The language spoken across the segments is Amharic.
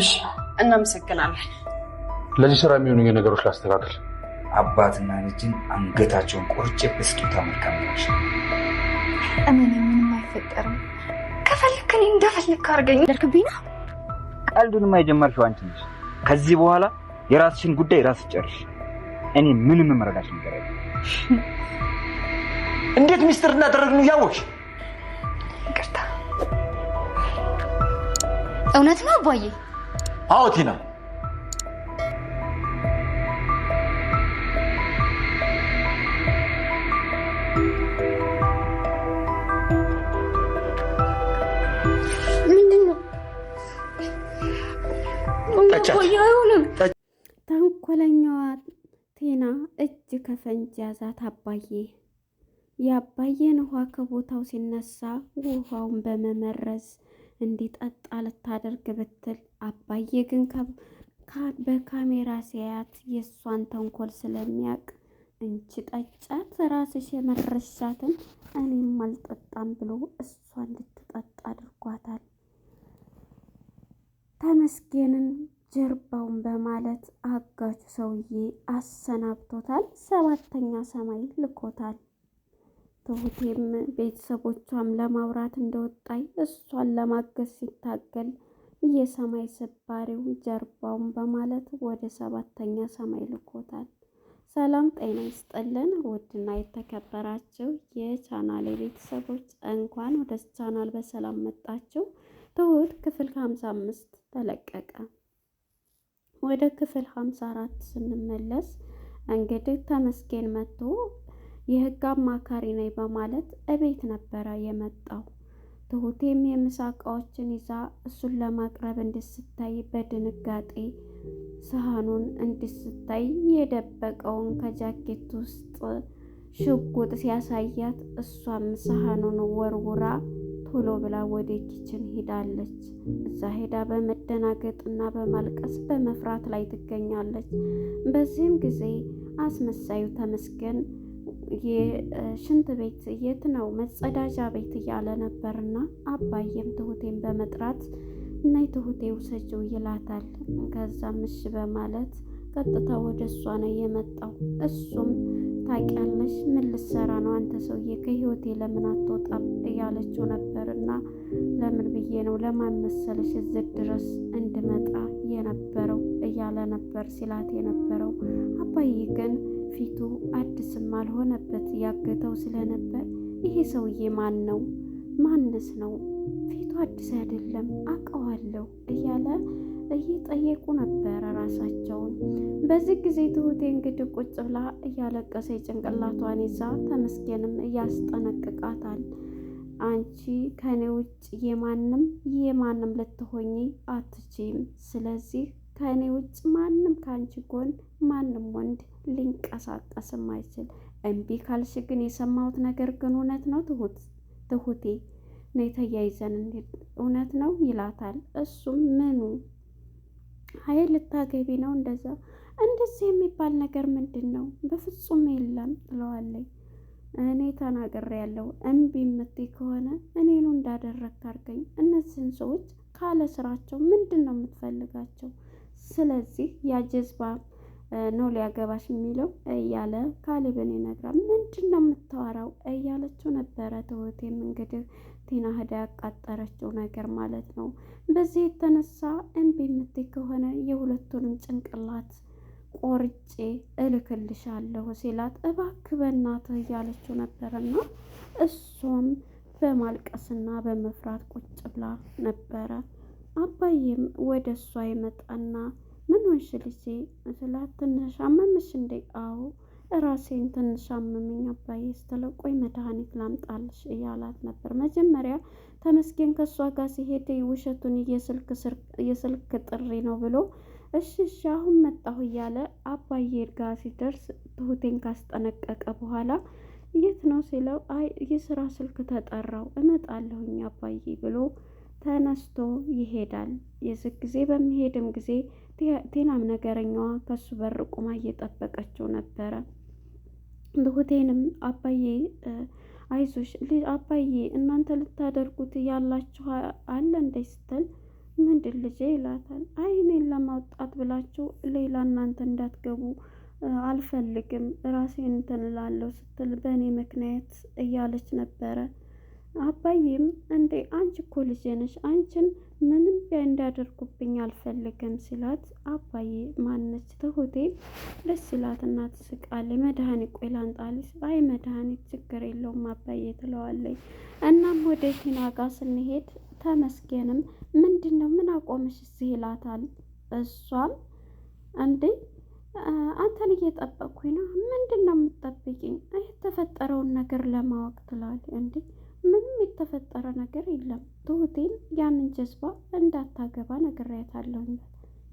እሺ፣ እናመሰግናለን። ለዚህ ስራ የሚሆኑ ነገሮች ላስተካክል። አባትና ልጅን አንገታቸውን ቆርጬ በስጦታ መልካም ነች። እመኔ ምንም አይፈጠርም። ከፈልክ እኔ እንደፈልክ አድርገኝ። ደርክብኝ ነው። ቀልዱንማ የጀመርሽው አንቺ ነሽ። ከዚህ በኋላ የራስሽን ጉዳይ ራስ ጨርሽ። እኔ ምንም መረዳሽ ነገር እንዴት ሚስጥር እንዳደረግን እያወቅሽ ይቅርታ። እውነት ነው አባዬ አዎ ቲና ተንኮለኛዋ ቴና እጅ ከፈንጅ ያዛት። አባዬ የአባዬን ውሃ ከቦታው ሲነሳ ውሃውን በመመረዝ እንዲጠጣ ልታደርግ ብትል አባዬ ግን በካሜራ ሲያያት የእሷን ተንኮል ስለሚያውቅ እንቺ ጠጫት ራስሽ የመረሻትን እኔም አልጠጣም ብሎ እሷ እንድትጠጣ አድርጓታል። ተመስገንን ጀርባውን በማለት አጋቹ ሰውዬ አሰናብቶታል። ሰባተኛ ሰማይ ልኮታል። ትሁቴም ቤተሰቦቿም ለማውራት እንደወጣይ እሷን ለማገዝ ሲታገል የሰማይ ስባሪው ጀርባውን በማለት ወደ ሰባተኛ ሰማይ ልኮታል። ሰላም ጤና ይስጥልን። ውድና የተከበራችሁ የቻናል ቤተሰቦች እንኳን ወደ ቻናል በሰላም መጣችሁ። ትሁት ክፍል 55 ተለቀቀ። ወደ ክፍል 54 ስንመለስ እንግዲህ ተመስገን መጥቶ የህግ አማካሪ ነኝ በማለት እቤት ነበረ የመጣው። ትሁቴም የምሳ እቃዎችን ይዛ እሱን ለማቅረብ እንድስታይ በድንጋጤ ሰሃኑን እንድስታይ የደበቀውን ከጃኬት ውስጥ ሽጉጥ ሲያሳያት እሷም ሰሃኑን ወርውራ ቶሎ ብላ ወደ ኪችን ሄዳለች። እዛ ሄዳ በመደናገጥ እና በማልቀስ በመፍራት ላይ ትገኛለች። በዚህም ጊዜ አስመሳዩ ተመስገን የሽንት ቤት የት ነው መጸዳጃ ቤት እያለ ነበርና አባዬም ትሁቴን በመጥራት እና ትሁቴ ውሰጂው ይላታል። ከዛ ምሽ በማለት ቀጥታ ወደ እሷ ነው የመጣው። እሱም ታውቂያለሽ፣ ምን ልትሰራ ነው አንተ ሰውዬ? ከህይወቴ ለምን አትወጣም? እያለችው ነበርና ለምን ብዬ ነው ለማን መሰለሽ እዚህ ድረስ እንድመጣ የነበረው እያለ ነበር ሲላት የነበረው አባዬ ግን ፊቱ አዲስም አልሆነበት። ያገተው ስለነበር ይሄ ሰውዬ ማን ነው? ማንስ ነው? ፊቱ አዲስ አይደለም አውቀዋለሁ እያለ እየጠየቁ ነበረ ራሳቸውን። በዚህ ጊዜ ትሁቴ እንግዲህ ቁጭ ብላ እያለቀሰ የጭንቅላቷን ይዛ ተመስገንም እያስጠነቅቃታል። አንቺ ከኔ ውጭ የማንም የማንም ልትሆኚ አትችም። ስለዚህ ከእኔ ውጭ ማንም ከአንቺ ጎን ማንም ወንድ ሊንቀሳቀስም አይችል። እምቢ ካልሽ ግን የሰማሁት ነገር ግን እውነት ነው ትሁት ትሁቴ ነው የተያይዘን እውነት ነው ይላታል። እሱም ምኑ አይ ልታገቢ ነው እንደዛ እንደዚህ የሚባል ነገር ምንድን ነው? በፍጹም የለም ብለዋለኝ። እኔ ተናግሬ ያለው እምቢ የምትይ ከሆነ እኔኑ እንዳደረግ አድርገኝ። እነዚህን ሰዎች ካለ ስራቸው ምንድን ነው የምትፈልጋቸው? ስለዚህ ያ ጀዝባ ነው ሊያገባሽ የሚለው እያለ ካሌብን ይነግራል። ምንድን ነው የምታወራው እያለችው ነበረ። ትሁቴም እንግዲህ ቲና ህዳ ያቃጠረችው ነገር ማለት ነው። በዚህ የተነሳ እምቢ የምትይ ከሆነ የሁለቱንም ጭንቅላት ቆርጬ እልክልሻለሁ ሲላት እባክህ በእናትህ እያለችው ነበረና እሱም በማልቀስና በመፍራት ቁጭ ብላ ነበረ። አባዬም ወደ እሷ ይመጣና ምን ሆንሽ ልጄ ስላት ትንሽ አመምሽ እንዴ? አዎ ራሴን ትንሽ አመመኝ አባዬ ስትለው ቆይ መድኃኒት ላምጣልሽ እያላት ነበር። መጀመሪያ ተመስገን ከእሷ ጋር ሲሄድ ውሸቱን የስልክ ጥሪ ነው ብሎ እሺ እሺ አሁን መጣሁ እያለ አባዬ ጋር ሲደርስ ትሁቴን ካስጠነቀቀ በኋላ የት ነው ሲለው አይ የስራ ስልክ ተጠራው እመጣለሁኝ አባዬ ብሎ ተነስቶ ይሄዳል። የዚህ ጊዜ በሚሄድም ጊዜ ቴናም ነገረኛዋ ከሱ በር ቁማ እየጠበቀችው ነበረ። ትሁቴንም አባዬ አይዞሽ አባዬ እናንተ ልታደርጉት ያላችሁ አለ እንደ ስትል ምንድን ልጄ ይላታል። አይ እኔን ለማውጣት ብላችሁ ሌላ እናንተ እንዳትገቡ አልፈልግም ራሴን እንትን እላለሁ ስትል በእኔ ምክንያት እያለች ነበረ አባዬም እንዴ አንቺ እኮ ልጄ ነሽ፣ አንቺን ምንም እንዳደርጉብኝ አልፈልግም ሲላት፣ አባዬ ማነች ትሁቴ ደስ ይላትና ትስቃለች። መድኃኒት ቆይ ላንጣልሽ። አይ መድኃኒት ችግር የለውም አባዬ ትለዋለች። እናም ወደ ቲና ጋ ስንሄድ ተመስገንም ምንድን ነው ምን አቆምሽ እዚህ ይላታል። እሷም እንዴ አንተን እየጠበቅኩኝ ነው። ምንድን ነው የምትጠብቂኝ? የተፈጠረውን ነገር ለማወቅ ትለዋለች። እንዴ ምንም የተፈጠረ ነገር የለም። ትሁቴን ያንን ጀዝባ እንዳታገባ ነግሬያታለሁ።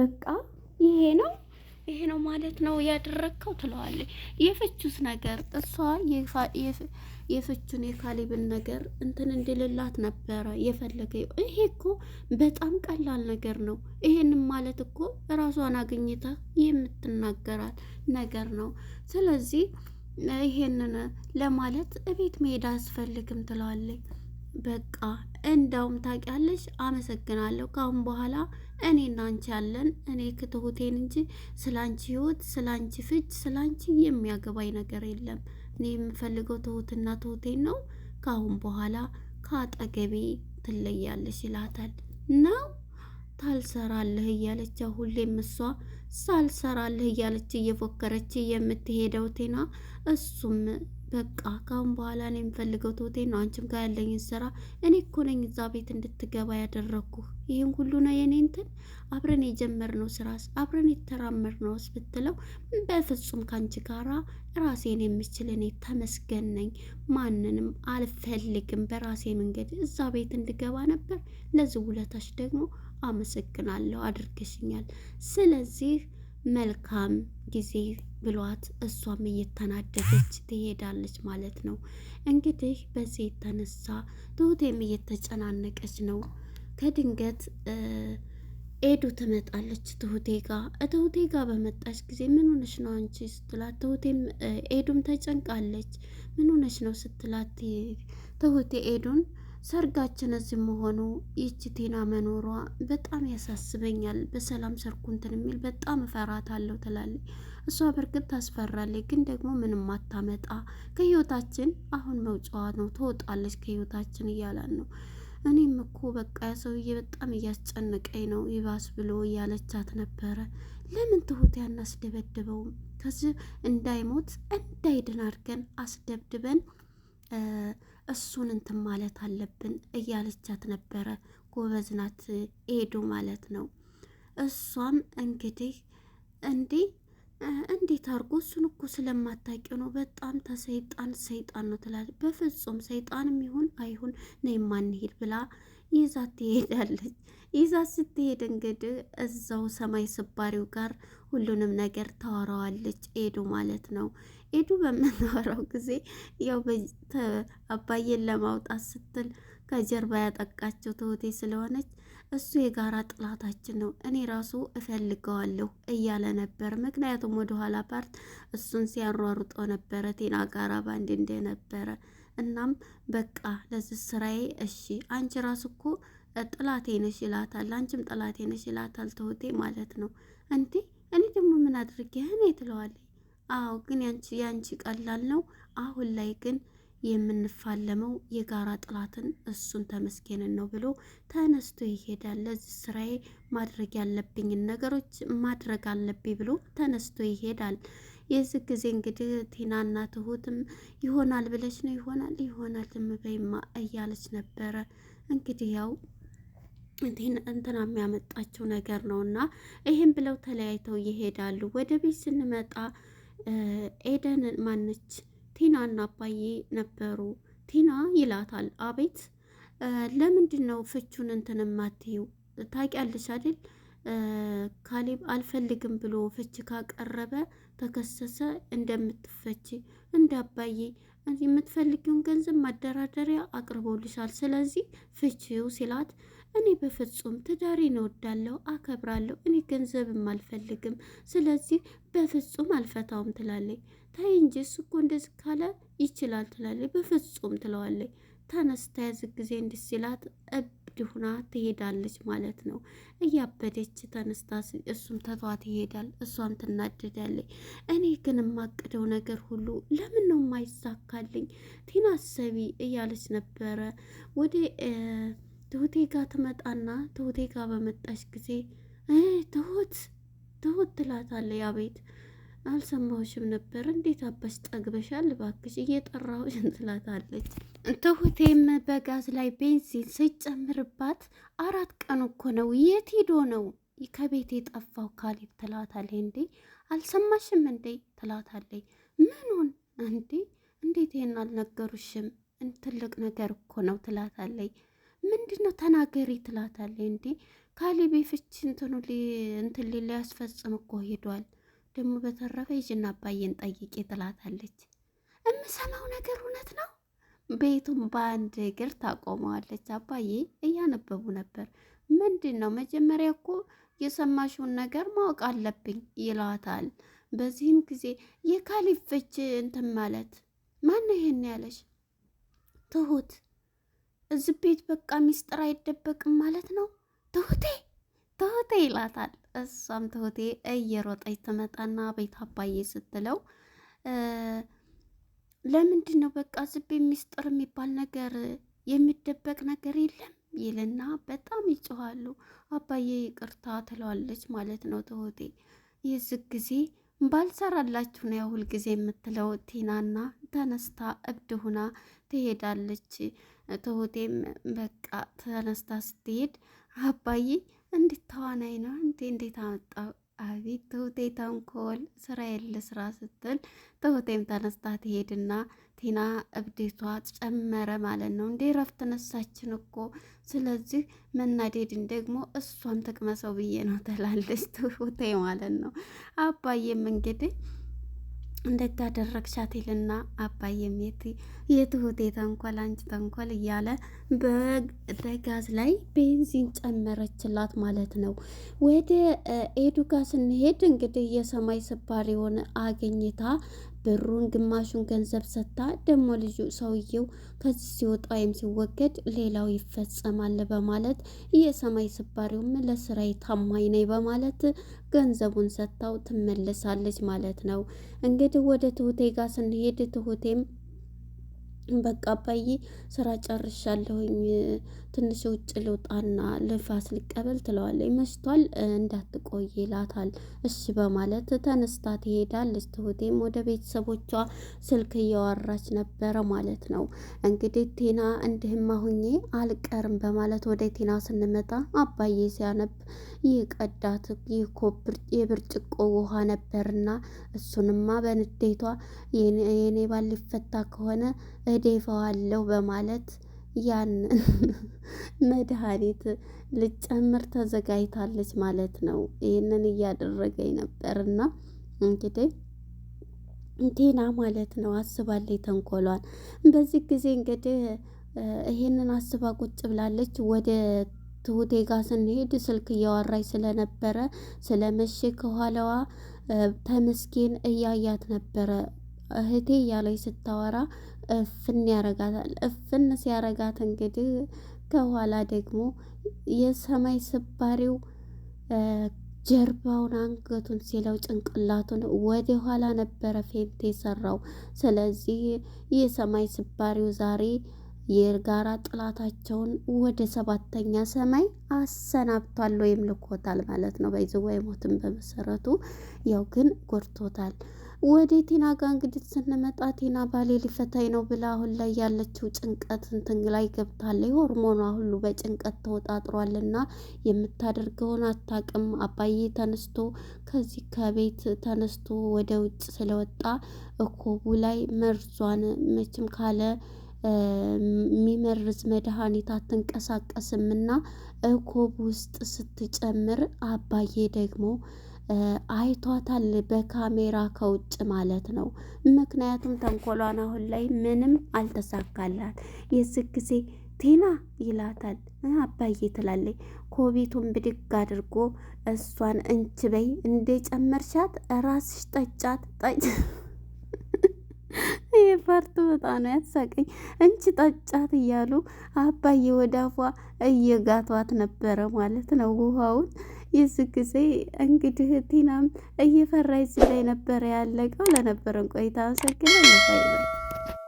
በቃ ይሄ ነው ይሄ ነው ማለት ነው ያደረግከው ትለዋለች። የፍቹስ ነገር እሷ የፍቹን የካሊብን ነገር እንትን እንድልላት ነበረ የፈለገ። ይሄ እኮ በጣም ቀላል ነገር ነው። ይሄንም ማለት እኮ ራሷን አግኝታ የምትናገራት ነገር ነው። ስለዚህ ይሄንን ለማለት እቤት መሄድ አስፈልግም ትለዋለች። በቃ እንደውም ታውቂያለሽ፣ አመሰግናለሁ። ከአሁን በኋላ እኔና አንቺ ያለን እኔ ክትሁቴን እንጂ ስለ አንቺ ህይወት፣ ስለ አንቺ ፍች፣ ስለ አንቺ የሚያገባኝ ነገር የለም። እኔ የምፈልገው ትሁትና ትሁቴን ነው። ከአሁን በኋላ ከአጠገቤ ትለያለሽ ይላታል። ነው ታልሰራለህ እያለች ሁሌም እሷ ሳልሰራልህ እያለች እየፎከረች የምትሄደው ቴና እሱም በቃ ካሁን በኋላ እኔ የምፈልገው ቶቴ ነው። አንቺም ጋር ያለኝን ስራ እኔ እኮ ነኝ እዛ ቤት እንድትገባ ያደረግኩ። ይህን ሁሉ ነው የኔ እንትን አብረን የጀመርነው ስራስ አብረን የተራመድነውስ ብትለው በፍጹም ከአንቺ ጋራ ራሴን የምችል እኔ ተመስገን ነኝ። ማንንም አልፈልግም። በራሴ መንገድ እዛ ቤት እንድገባ ነበር። ለዚህ ውለታች ደግሞ አመሰግናለሁ አድርገሽኛል፣ ስለዚህ መልካም ጊዜ ብሏት እሷም እየተናደደች ትሄዳለች ማለት ነው። እንግዲህ በዚህ የተነሳ ትሁቴም እየተጨናነቀች ነው። ከድንገት ኤዱ ትመጣለች ትሁቴ ጋ ትሁቴ ጋ በመጣች ጊዜ ምን ሆነሽ ነው አንቺ ስትላት፣ ትሁቴም ኤዱም ተጨንቃለች። ምን ሆነሽ ነው ስትላት፣ ትሁቴ ኤዱን ሰርጋችን እዚህ መሆኑ ይቺ ቴና መኖሯ በጣም ያሳስበኛል። በሰላም ሰርኩንትን የሚል በጣም አለው ትላለች። እሷ በእርግጥ ታስፈራለች፣ ግን ደግሞ ምንም አታመጣ ከህይወታችን አሁን መውጫዋ ነው ትወጣለች ከህይወታችን እያላን ነው። እኔም እኮ በቃ ያሰውዬ በጣም እያስጨነቀኝ ነው ይባስ ብሎ እያለቻት ነበረ። ለምን ትሁት ያን አስደበድበውም? ከዚህ እንዳይሞት እንዳይድን አድርገን አስደብድበን እሱን እንትን ማለት አለብን እያለቻት ነበረ። ጎበዝ ናት ኤዱ ማለት ነው። እሷም እንግዲህ እንዴ እንዴት አድርጎ እሱን እኮ ስለማታውቂው ነው በጣም ተሰይጣን ሰይጣን ነው ትላለች። በፍጹም ሰይጣንም ይሁን አይሁን ነይ ማንሄድ ብላ ይዛ ትሄዳለች። ይዛ ስትሄድ እንግዲህ እዛው ሰማይ ስባሪው ጋር ሁሉንም ነገር ታወራዋለች ኤዱ ማለት ነው። ኤዱ በምናወራው ጊዜ ያው አባዬን ለማውጣት ስትል ከጀርባ ያጠቃቸው ትሁቴ ስለሆነች እሱ የጋራ ጥላታችን ነው፣ እኔ ራሱ እፈልገዋለሁ እያለ ነበር። ምክንያቱም ወደኋላ ፓርት እሱን ሲያሯሩጠው ነበረ ቴና ጋራ ባንድ እንደነበረ። እናም በቃ ለዚህ ስራዬ እሺ፣ አንቺ ራሱ እኮ ጥላቴ ነሽ ይላታል፣ አንቺም ጥላቴ ነሽ ይላታል ትሁቴ ማለት ነው። እንዴ እኔ ደግሞ ምን አድርጌህ እኔ ትለዋለች አዎ ግን ያንቺ ያንቺ ቀላል ነው። አሁን ላይ ግን የምንፋለመው የጋራ ጥላትን እሱን ተመስገንን ነው ብሎ ተነስቶ ይሄዳል። ለዚህ ስራዬ ማድረግ ያለብኝን ነገሮች ማድረግ አለብኝ ብሎ ተነስቶ ይሄዳል። የዚህ ጊዜ እንግዲህ ቲናና ትሁትም ይሆናል ብለች ነው ይሆናል ይሆናል እምበይማ እያለች ነበረ እንግዲህ ያው እንትና የሚያመጣቸው ነገር ነው እና ይህም ብለው ተለያይተው ይሄዳሉ። ወደ ቤት ስንመጣ ኤደን ማነች? ቲና እና አባዬ ነበሩ። ቲና ይላታል። አቤት ለምንድን ነው ፍቹን እንትን ማትይው? ታውቂያለሽ አይደል? ካሌብ አልፈልግም ብሎ ፍች ካቀረበ ተከሰሰ እንደምትፈች እንደ አባዬ የምትፈልጊውን ገንዘብ ማደራደሪያ አቅርቦልሻል፣ ስለዚህ ፍቺው ሲላት እኔ በፍጹም ትዳሬን እወዳለሁ፣ አከብራለሁ። እኔ ገንዘብም አልፈልግም፣ ስለዚህ በፍጹም አልፈታውም ትላለች። ታይ እንጂ እሱ እኮ እንደዚህ ካለ ይችላል ትላለች። በፍጹም ትለዋለች። ተነስታ ያዝ ጊዜ እንድትላት እብድ ሁና ትሄዳለች ማለት ነው። እያበደች ተነስታ እሱም ተቷት ይሄዳል። እሷም ትናደዳለች። እኔ ግን የማቅደው ነገር ሁሉ ለምን ነው የማይሳካልኝ? ቲና እያለች ነበረ ወደ ትሁቴ ጋር ትመጣና ትሁቴ ጋር በመጣች ጊዜ ትሁት ትሁት ትላታለ። ያቤት አልሰማሁሽም ነበር እንዴት አባሽ ጠግበሻል? እባክሽ እየጠራሁሽን ትላታለች። ትሁቴም በጋዝ ላይ ቤንዚን ስጨምርባት አራት ቀን እኮ ነው የት ሂዶ ነው ከቤት የጠፋው ካሌብ ትላታለች። እንዴ አልሰማሽም እንዴ ትላታለች። ምኑን እንዴ እንዴት ይሄን አልነገሩሽም? ትልቅ ነገር እኮ ነው ትላታለች። ምንድን ነው ተናገሪ ትላታለ። እንዴ ካሌብ ፍች እንትኑ እንትን ሌላ ያስፈጽም እኮ ሄዷል። ደግሞ በተረፈ ይጅና አባዬን ጠይቄ ትላታለች። የምሰማው ነገር እውነት ነው። ቤቱም በአንድ እግር ታቆመዋለች። አባዬ እያነበቡ ነበር። ምንድን ነው መጀመሪያ እኮ የሰማሽውን ነገር ማወቅ አለብኝ ይላታል። በዚህም ጊዜ የካሊፍች ፍች እንትን ማለት ማን ይሄን ያለሽ ትሁት እዚ ቤት በቃ ሚስጥር አይደበቅም ማለት ነው። ትሁቴ ትሁቴ ይላታል። እሷም ትሁቴ እየሮጠች ትመጣና ቤት አባዬ ስትለው ለምንድን ነው በቃ ዝቤ ሚስጥር የሚባል ነገር የሚደበቅ ነገር የለም ይልና በጣም ይጮኋሉ። አባዬ ይቅርታ ትለዋለች ማለት ነው ትሁቴ። የዚህ ጊዜ ባልሰራላችሁ ነው ጊዜ የምትለው ቲናና ተነስታ እብድ ሁና ትሄዳለች። ትሁቴም በቃ ተነስታ ስትሄድ አባዬ እንዴት ተዋናይ ነው እንዴ እንዴት አመጣው አቤት ትሁቴ ተንኮል ስራ የለ ስራ ስትል ትሁቴም ተነስታ ትሄድና ቲና እብዴቷ ጨመረ ማለት ነው። እንዴ ረፍት ተነሳችን እኮ ስለዚህ መናደድን ደግሞ እሷም ትቅመሰው ብዬ ነው ትላለች ትሁቴ ማለት ነው። አባዬም እንግዲህ እንዴት ያደረግሻት ይልና አባዬም የትሁቴ ተንኮል አንቺ ተንኮል እያለ በጋዝ ላይ ቤንዚን ጨመረችላት ማለት ነው። ወደ ኤዱጋ ስንሄድ እንግዲህ የሰማይ ስባሪውን አግኝታ ብሩን ግማሹን ገንዘብ ሰጥታ ደግሞ ልጁ ሰውየው ከዚህ ሲወጣ ወይም ሲወገድ ሌላው ይፈጸማል በማለት የሰማይ ስባሪውም ለስራዬ ታማኝ ነኝ በማለት ገንዘቡን ሰጥታው ትመልሳለች ማለት ነው። እንግዲህ ወደ ትሁቴ ጋር ስንሄድ ትሁቴም በቃ አባዬ ስራ ጨርሻለሁኝ፣ ትንሽ ውጭ ልውጣና ልንፋስ ልቀበል ትለዋለች። መሽቷል እንዳትቆይ ይላታል። እሺ በማለት ተነስታ ትሄዳለች። ትሁቴም ወደ ቤተሰቦቿ ስልክ እያወራች ነበረ ማለት ነው። እንግዲህ ቴና እንዲህማ ሁኜ አልቀርም በማለት ወደ ቴና ስንመጣ አባዬ ሲያነብ ይህ ቀዳት ይህ የብርጭቆ ውሃ ነበርና እሱንማ በንዴቷ የኔ ባል ሊፈታ ከሆነ እደፋዋለሁ በማለት ያንን መድኃኒት ልጨምር ተዘጋጅታለች ማለት ነው። ይህንን እያደረገኝ ነበርና እንግዲህ ቴና ማለት ነው አስባለች ተንኮሏን። በዚህ ጊዜ እንግዲህ ይህንን አስባ ቁጭ ብላለች። ወደ ትሁቴ ጋር ስንሄድ ስልክ እያወራች ስለነበረ ስለመቼ ከኋላዋ ተመስገን እያያት ነበረ። እህቴ እያለች ስታወራ እፍን ያረጋታል። እፍን ሲያረጋት እንግዲህ ከኋላ ደግሞ የሰማይ ስባሪው ጀርባውን አንገቱን ሲለው ጭንቅላቱን ወደ ኋላ ነበረ ፌንት የሰራው። ስለዚህ የሰማይ ስባሪው ዛሬ የጋራ ጥላታቸውን ወደ ሰባተኛ ሰማይ አሰናብቷል ወይም ልኮታል ማለት ነው። በይዘዋ አይሞትም በመሰረቱ ያው ግን ጎድቶታል። ወደ ቴና ጋር እንግዲህ ስንመጣ ቴና ባሌ ሊፈታኝ ነው ብላ አሁን ላይ ያለችው ጭንቀት እንትን ላይ ገብታለች። ሆርሞኗ ሁሉ በጭንቀት ተወጣጥሯልና የምታደርገውን አታቅም። አባዬ ተነስቶ ከዚህ ከቤት ተነስቶ ወደ ውጭ ስለወጣ እኮቡ ላይ መርዟን መቼም ካለ የሚመርዝ መድኃኒት አትንቀሳቀስምና እኮብ ውስጥ ስትጨምር አባዬ ደግሞ አይቷታል በካሜራ ከውጭ ማለት ነው። ምክንያቱም ተንኮሏን አሁን ላይ ምንም አልተሳካላት። የዚህ ጊዜ ቴና ይላታል። አባዬ ትላለች። ኮቢቱን ብድግ አድርጎ እሷን እንች በይ እንደ ጨመርሻት ራስሽ ጠጫት ጠጭ ይህ ፓርቱ በጣም ነው ያሳቀኝ። እንቺ ጠጫት እያሉ አባዬ ወደ ወዳፏ እየጋቷት ነበረ ማለት ነው ውሃውን ይህ ጊዜ እንግዲህ ቲናም እየፈራ ይዝ ላይ ነበረ ያለቀው። ለነበረን ቆይታ አመሰግናለሁ።